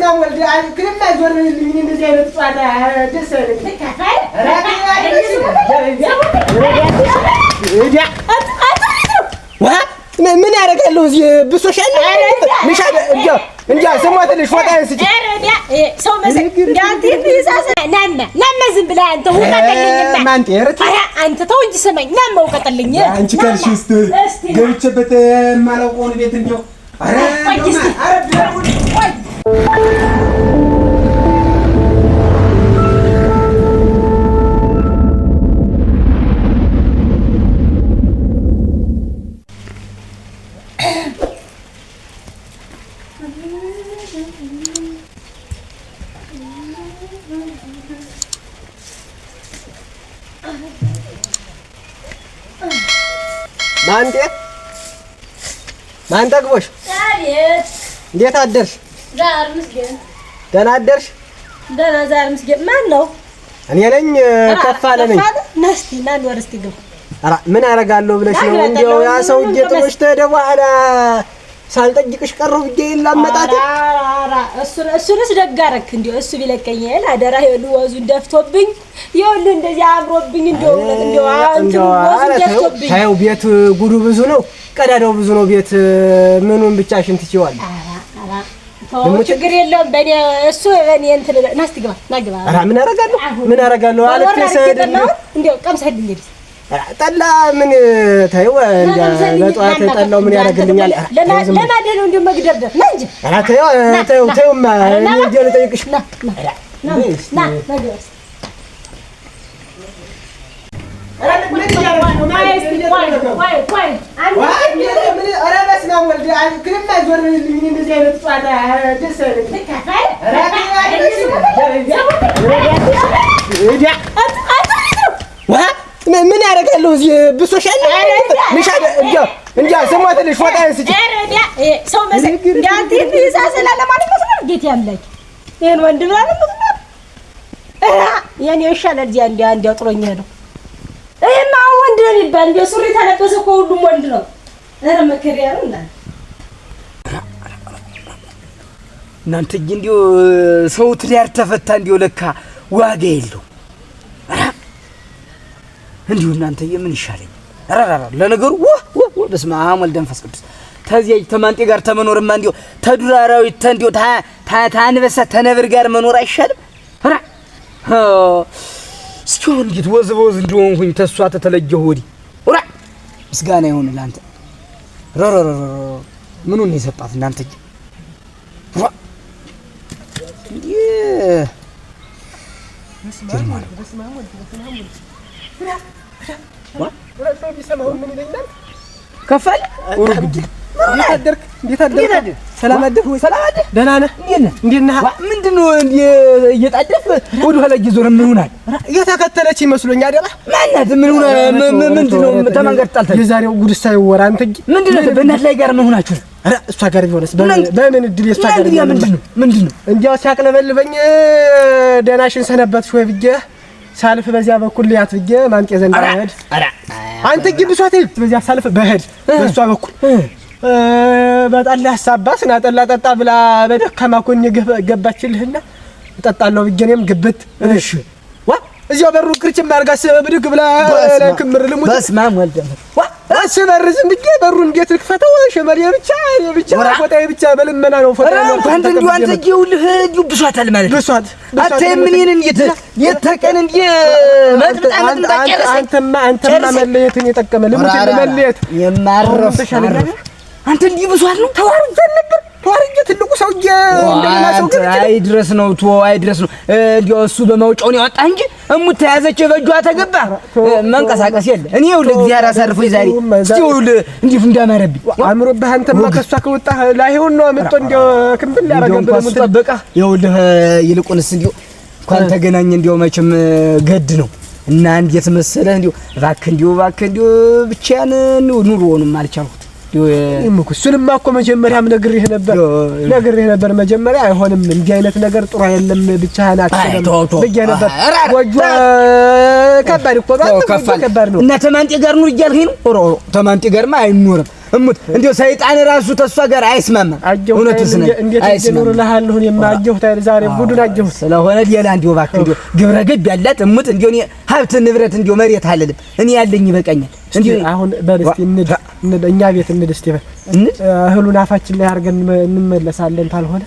በስመ አብ ወልድ ክልም አይዞን ምን እንደዚህ አይነት ጨዋታ ደስ አይለኝም። ምን ያደርጋለሁ እዚህ ብሶሻል ምሻ እንጃ ስሞትልሽ ፎጣ አንስቼ ዝም ብለህ አንተ አንተ ተው እንጂ ስመኝ ናማ እውቀጥልኝ አንቺ ካልሽ እስኪ ገብቼበት የማላውቀውን ቤት እንደው ማንጤ ማን ጠግቦሽ? እንዴት አደርሽ? ዛር ምስጌን ደህና አደርሽ? ደህና ዛር ምስጌን ማን ነው? እኔ ነኝ። ከፍ ነኝ። ነስቲ ና ወርስቲ እስቲ ግብ ኧረ ምን አደርጋለሁ ብለሽ ነው? እንዲያው ያ ሰው ሰውዬ ጥሎሽ ተደባለ ሳልጠይቅሽ ቀረሁ ብዬ ላመጣት እሱንስ ደግ አደረክ። እንዲያው እሱ ቢለቀኝ ይል አደራ ይሉ ወዙን ደፍቶብኝ ይሉ እንደዚህ አምሮብኝ እንዲያው እንዲያው እንዲያው ደፍቶብኝ። ታየው ቤት ጉዱ ብዙ ነው፣ ቀዳዳው ብዙ ነው። ቤት ምኑን ብቻሽን ትችይዋለሽ? ችግር የለውም። በእኔ እሱ እኔ እንትን ና እስኪ ግባ ና ግባ። ኧረ ምን አደርጋለሁ ምን አደርጋለሁ አለች። እንደው ቀምሰህልኝ እንግዲህ ጠላ ምን ተይው፣ በጠዋት ጠላው ምን ያደርግልኛል? ለማደል ነው እንደው መግደርደር ና እንጂ ተይው ተይው ተይውማ፣ እኔ ልጠይቅሽ ና ና ና ምን ያደርጋለሁ? እዚህ ብሶሽ እንጃ ስሟ ትንሽ ወጣ አንስቼ ሰው መሰለኝ ይሻላል። እዚያ እንዲያው ጥሎኝ ነው ይሄማ ወንድ ነው የሚባል እንደ ሱሪ ተለበሰ እኮ ሁሉም ወንድ ነው። ኧረ መከሪያ ነው እና እናንተዬ እንዲሁ ሰው ትዳር ተፈታ እንዲሁ ለካ ዋጋ የለው እንዲሁ እናንተዬ ምን ይሻለኝ? ኧረ ለነገሩ በስመ አብ ወልድ መንፈስ ቅዱስ ተዚያ ተማንጤ ጋር ተመኖርማ እንዲሁ ተዱር አራዊት ተንዲሁ ታንበሳ ተነብር ጋር መኖር አይሻልም? እስኪ አሁን እንዴት ወዝ በወዝ እንደሆንኩኝ ተሷ ተተለየሁ ወዲህ ራ ምስጋና ይሁን ለአንተ። ረረረ ምኑን የሰጣት እናንተ ከፈል ሰላም አደርክ ወይ? ሰላም አደርክ? ደህና ነህ? እንዴት ነህ? እንዴት ነህ? ምንድነው ነው እየጣደፍ ወደ ኋላ እየዞረ ምን ሆናል? የተከተለች ይመስሎኝ አደራ። ማናት? ምን ሆነ? ምንድን ነው ተመንገድ ጣልተህ? የዛሬው ጉድሳ ሳይወራ አንተ እንጂ ምንድን በእናት ላይ ጋር ምን ሆናችሁ? ኧረ እሷ ጋር ቢሆንስ በምን እድል የእሷ ጋር ቢሆን ምንድነው? ምንድነው? ምንድን ነው እንዲያው ሲያቅለበልበኝ ደህናሽን ሰነበትሽ ወይ ብዬ ሳልፍ በዚያ በኩል ሊያት ብዬ ማንጤ ዘንድ ሄድ አንተ ግን ብሷት በዚያ ሳልፍ በህድ በእሷ በኩል በጠላ አሳባስ ና ጠላ ጠጣ ብላ በደካማ ኮኝ ገባችልህና እጠጣለሁ ብዬሽ እኔም ግብት እሺ ዋ እዚያው በሩ ቅርጭም አድርጋስ ብድግ ብላ ለክምር ልሙት በስማም ወልደ ዋ ስበር ዝም ብዬ በሩ እንዴት ልክፈተው? ሸመሌ የብቻ የብቻ ፎጣዬ ብቻ በልመና ነው ፎጣ ነው። አንተ እንዲሁ አንተ ይኸውልህ እንዲሁ ብሷታል ማለት ብሷት አንተ ምንን እንዴት የተቀን እንዴ መጥብጣ መጥብጣ አንተማ አንተማ መለየትን የጠቀመ ልሙት መለየት የማረፍ ተሻለ አንተ እንዲህ ብሷል ነው ተዋርጄ ነበር። ተዋርጄ ትልቁ ሰውዬ አይ ድረስ ነው ቶ አይ ድረስ ነው እንዲያው እሱ በማውጫውን ያወጣ እንጂ እሙት ተያዘች በእጇ ተገባ መንቀሳቀስ የለ። እኔ ይኸውልህ እግዚአብሔር አሳርፎኝ ዛሬ እስቲ ይኸውልህ እንዲህ እንዳማረብኝ አምሮብህ። አንተማ ከእሷ ከወጣህ ላይሆን ነው አምጦ እንዲያው ክንብል ያረጋግጥ ነው ተበቃ። ይኸውልህ ይልቁንስ እንዲያው እንኳን ተገናኘ እንዲያው መቼም ገድ ነው እና እንዴት መሰለህ እንዲያው እባክህ እንዲያው እባክህ እንዲያው ብቻዬን ኑሮውንም አልቻልኩት እሱንማ እኮ መጀመሪያም ነግሬህ ነበር ነግሬህ ነበር። መጀመሪያ አይሆንም፣ እንዲህ አይነት ነገር ጥሩ አይደለም፣ ብቻህን አትችልም ብዬ ነበር ጎጆ ከባድ እኮ ከባድ ነው። እና ተማንጤ ጋር ኑር እያልኸኝ ነው? ኦሮ ኦሮ ተማንጤ ጋርማ አይኖርም። እሙት እንዲያው ሰይጣን ራሱ ተሷ ጋር አይስማማም። እውነቱን ስነ አይስማማም። ስለሆነ ሌላ እንዲያው እባክህ እንዲያው ግብረ ገብ ያላት እሙት እንዲያው እኔ ሀብት ንብረት እንዲያው መሬት አልልም እኔ ያለኝ ይበቃኛል። አሁን በል እስኪ እንሂድ፣ እኛ ቤት እንሂድ። እስኪ በል እህሉን አፋችን ላይ አድርገን እንመለሳለን ካልሆነ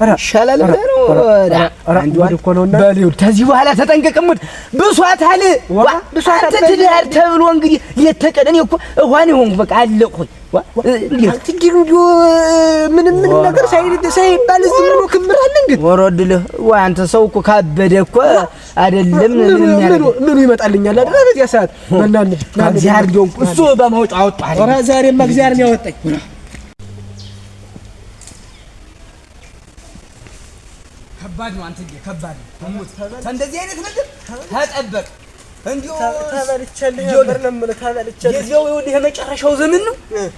ይሻላል ብለህ በኋላ ተጠንቀቅሙት። ብሷታል አንተ ትዳር ተብሎ እንግዲህ ሌት ተቀን እኔ እኮ እኋን የሆንኩ በቃ አለቅሁኝ። ምንም ምንም ነገር ሳይባል እዚህ ብሎ ክምር አለ። እንግዲህ ወረድ አንተ ሰው እኮ ካበደ እኮ አይደለም ምኑ ይመጣልኛል አይደለ? በዚያ ሰዓት መናን እግዚአብሔር እሱ በማውጫ አወጣ። ዛሬማ እግዚአብሔር ያወጣኝ ከባድ ነው። አንተ ከባድ ነው። እንደዚህ አይነት ነገር ተጠበቅ። እንዲሁ የመጨረሻው ዘመን ነው።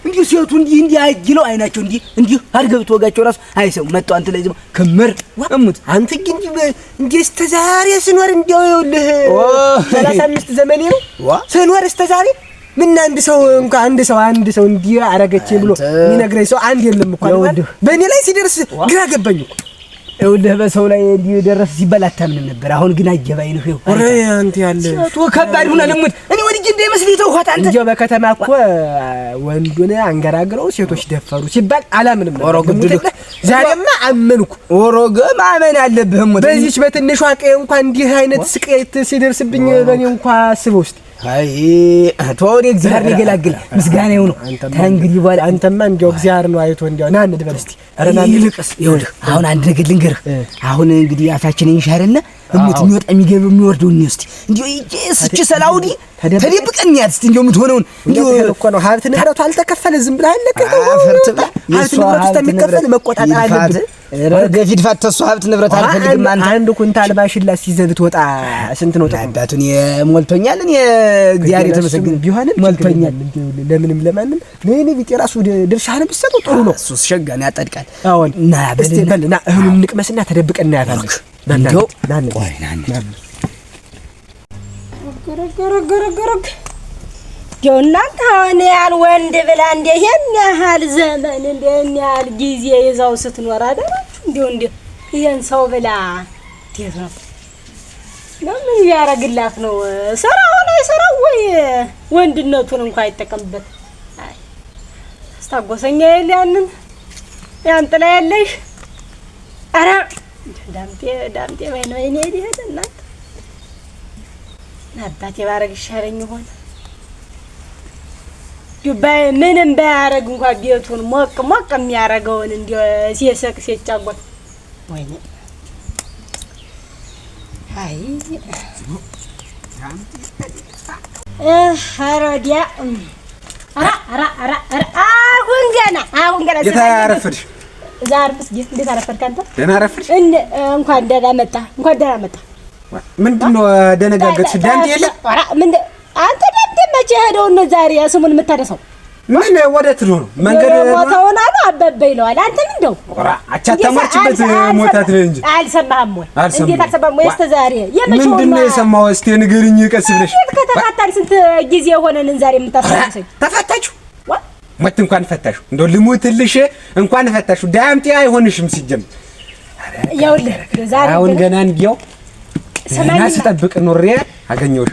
እንዲሁ ሴቱ እንዲህ እንዲህ አይግለው አይናቸው እንዲህ እንዲህ አድርገህ ብትወጋቸው እራሱ አይሰው መጣሁ አንተ ላይ ዝም ክምር እሙት አንተ ግን እንዲህ እስከ ዛሬ ስኖር እንዲያው ይኸውልህ ሰላሳ አምስት ዘመኔ ነው ስኖር እስከ ዛሬ ምን አንድ ሰው እንኳን አንድ ሰው አንድ ሰው እንዲህ አረገች ብሎ የሚነግረኝ ሰው አንድ የለም እኮ በእኔ ላይ ሲደርስ ግራ ገባኝ እኮ ይኸውልህ በሰው ላይ እንዲህ ሲባል አታምንም ነበር። አሁን ግን ኧረ አንተ ያለ ከባድ ሆነ ልሙት እኔ ወድጄ እንዳይመስልህ አንተ እንጃ በከተማ እኮ ወንዱን አንገራግረው ሴቶች ደፈሩ ሲባል አላምንም ነበር። ዛሬማ አመንኩ። በትንሿ ቀይ እንኳን እንዲህ አይነት ሲደርስብኝ በእኔ እንኳ አይ ቶኒ እግዚአብሔር ይገላግል፣ ምስጋና ይሁን ነው። በኋላ አንተማ እንዲያው እግዚአብሔር ነው አይቶ እንዲያው ና እንድበል እስቲ። ይልቅስ ይኸውልህ አሁን አንድ ነገር ልንገርህ። አሁን እንግዲህ አፋችን እንሽ እሙት የሚወጣ የሚገብ የሚወርደው ነው እስቲ እንዲያው ይስቺ ሰላውዲ ተደብቀን ያት እስቲ እንዲያው የምትሆነውን እንዲያው እኮ ነው ሀብት ንብረቱ አልተከፈለ ዝም ብለህ አለከተው ሀብት ንብረቱ እስከሚከፈል መቆጣጠር አለብህ። ገፊት ፈተሱ ሀብት ንብረት አልፈልግም። አንተ አንድ ኩንታል ባሽላ ሲዘብት ወጣ ስንት ነው ጥሩ አባቱን ሞልቶኛል። እኔ እግዚአብሔር የተመሰገነ ቢሆንም ሞልቶኛል። ለምንም ለማንም ለኔ ቢጤ ራሱ ድርሻህን ብትሰጠው ጥሩ ነው። እሱ ሸጋን ያጠድቃል። አሁን ና በል ና እህሉን ንቅመስና ተደብቀን እናያታለን። ናንተ ናንተ እንዲያው እናንተ አሁን ያህል ወንድ ብላ እንደ ይሄን ያህል ዘመን እንደ ይሄን ያህል ጊዜ ይዛው ስትኖር አደራችሁ እንደው እንዲ ይሄን ሰው ብላ እንዴት ነው? ለምን ያረግላት ነው? ስራ ሆነ ስራ ወይ ወንድነቱን እንኳን አይጠቀምበት። አስታጎሰኛ የለ ያንን ያን ጥላ ያለሽ ኧረ ዳምጤ ዳምጤ ባይ ነው እኔ ሄድ እናት አባቴ ባረግ ይሻለኝ ሆነ ምንም ባያረግ እንኳ ቤቱን ሞቅ ሞቅ የሚያረገውን እንዲ ሲስቅ ሲጫወት ወይ አይ ኧረ አሁን ገና አሁን ገና ጌታ አረፈድሽ። ዛርብስ እንዴት አረፈድክ አንተ? ደህና አረፈድሽ። እንኳን ደህና መጣ፣ እንኳን ደህና መጣ። ምንድን ነው ደነጋገጥሽ? ዳንቴ የለ አንተ ደብደ መቼ ነው ዛሬ ስሙን የምታደሰው? ምን ወዴት ነው መንገድ ቦታውን አሉ አበበይ ይለዋል። አንተም እንደው አቻ ሞታት ነው እንጂ አልሰማህም ወይ? እንዴት አልሰማህም ወይ? እስከ ዛሬ ምንድን ነው እስቲ ቀስ ብለሽ። ከተፋታን ስንት ጊዜ የሆነንን ዛሬ የምታስታውሰኝ? ተፋታችሁ ሞት እንኳን ፈታሹ እንደው ልሙትልሽ እንኳን ፈታሹ ዳምጤ አይሆንሽም ሲጀምር ዛሬ አሁን ገና እንዲያው ስጠብቅ ኑሬ አገኘሁሽ።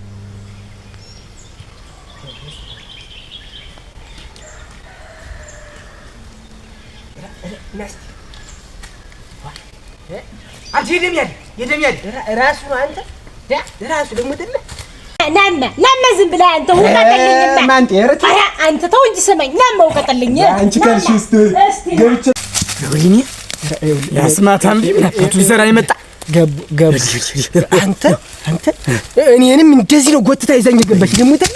የደም ያለ ዝም ብለህ አንተ ውቀጠልኝማ አንተ ተው እንጂ ስማኝ ናማ ውቀጠልኝ አንቺ ካልሽ እስቲ ገብቼ ወይኔ ያስማታም ናቱ ዘራ የመጣ ገቡ ገቡ አንተ አንተ እኔንም እንደዚህ ነው ጎትታ ይዛኝ ገባች ደግሞ ደለ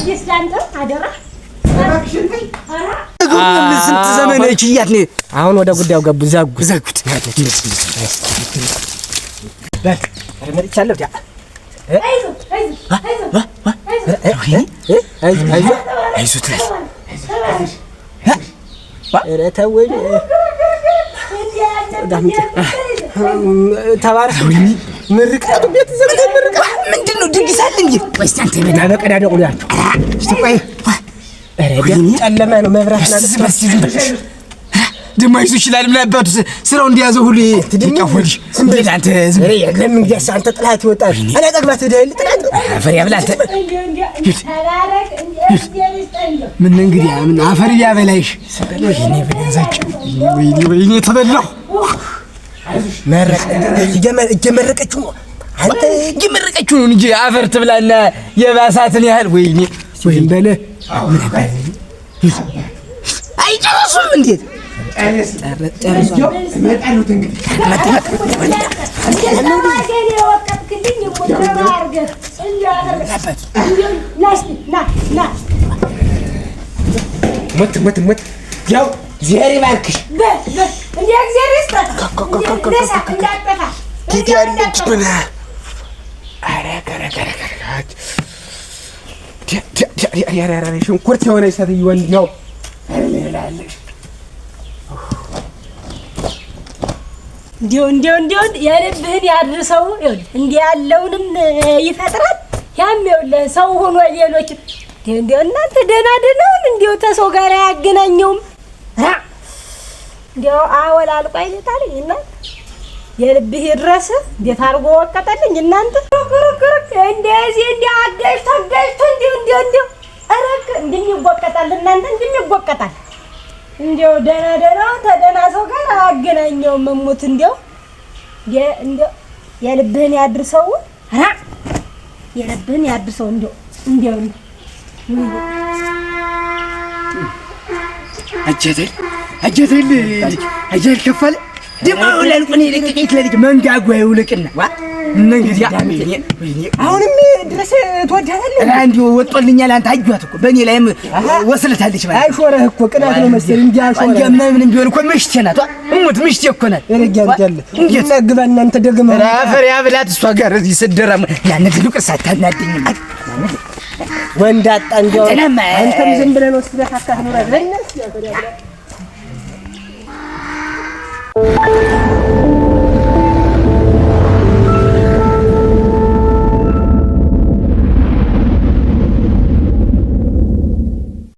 ስንት ዘመን ችያት ነው። አሁን ወደ ጉዳዩ ገቡ። ዘጉ ዘጉት። መጥቻለሁ ምርቃቱ ቤት ዘግቶ ምርቃት ምንድን ነው? ድግሳል እንጂ ወይስ አንተ ይበዳ በቀዳዳ ቁላችሁ እስቲ ቆይ። ኧረ ጨለማ ነው መብራት ደሞ አይዞህ ይችላል። ምን አባቱ ስራው እንደያዘው ሁሉ ትጫወልሽ እንዴት? አንተ ዝም ብለህ የለም። እንግዲያስ አንተ ጥላት ይወጣል። እኔ ጠግባት ሄደህ ጥላት አፈር ያብላ አንተ ምን እንግዲህ ምን አፈር ያበላይሽ። ወይኔ ወይኔ ተበላሁ እየመረቀችው ነው። አንተ እየመረቀችው ነው እንጂ አፈር ትብላና የባሳትን ያህል ወይኔ ወይም በለ አይጨርሱም። እንዴት ሞት ሞት ሞት ያው እግዚአብሔር ይባርክሽ። ጌታ ያለች ብላ ሽንኩርት የሆነች ሴትዮ እንዲያው እንዲሁ እንዲሁ እንዲሁ የልብህን ያድርሰው። እንዲህ ያለውንም ይፈጥራል። ያም ሰው ሆኖ ሌሎች እንዲሁ እናንተ ደህና ደህናውን እንዲሁ ተሰው ጋር አያገናኘውም። እንዲያው አወላልቆ አይልታልኝ እና የልብህ ይድረስ። እንዴት አድርጎ ወቀጠልኝ እናንተ ክርክርክ እንደዚህ እንዲ አገሽ ታገሽቱ እንዲ እንዲ እንዲ ረክ እንደሚወቀጣል እናንተ እንደሚወቀጣል እንዲያው ደህና ደህና ተደህና ሰው ጋር አገናኘው መሞት እንዲያው እንዲያው የልብህን ያድርሰው የልብህን ያድርሰው እንዲያው እንዲያው አጀተል አጀተል አጀተል ከፋለ ደግሞ ይውላል። ቆኔ ለልጅ መንጋጓ ይውልቅና ዋ እና እንግዲህ አሁንም ድረስ ትወዳታለህ። አንድ ወጦልኛል። አንተ አጇት እኮ በእኔ ላይም ወስልታለች አይሾረህ እኮ ቅናት ነው መሰለኝ። እንዲህ አሾረህ ቢሆን እኮ ምሽቴ ናት። እሙት ምሽቴ እኮ ናት። ረጋጋለ እንዴት ግባ እናንተ ደግመህ አፈር ያብላት እሷ ጋር እዚህ ስትደራም ያንን ልቅር ሳታናደኝም ወንድ አጣ እንዲያው አንተም ዝም ብለህ ነው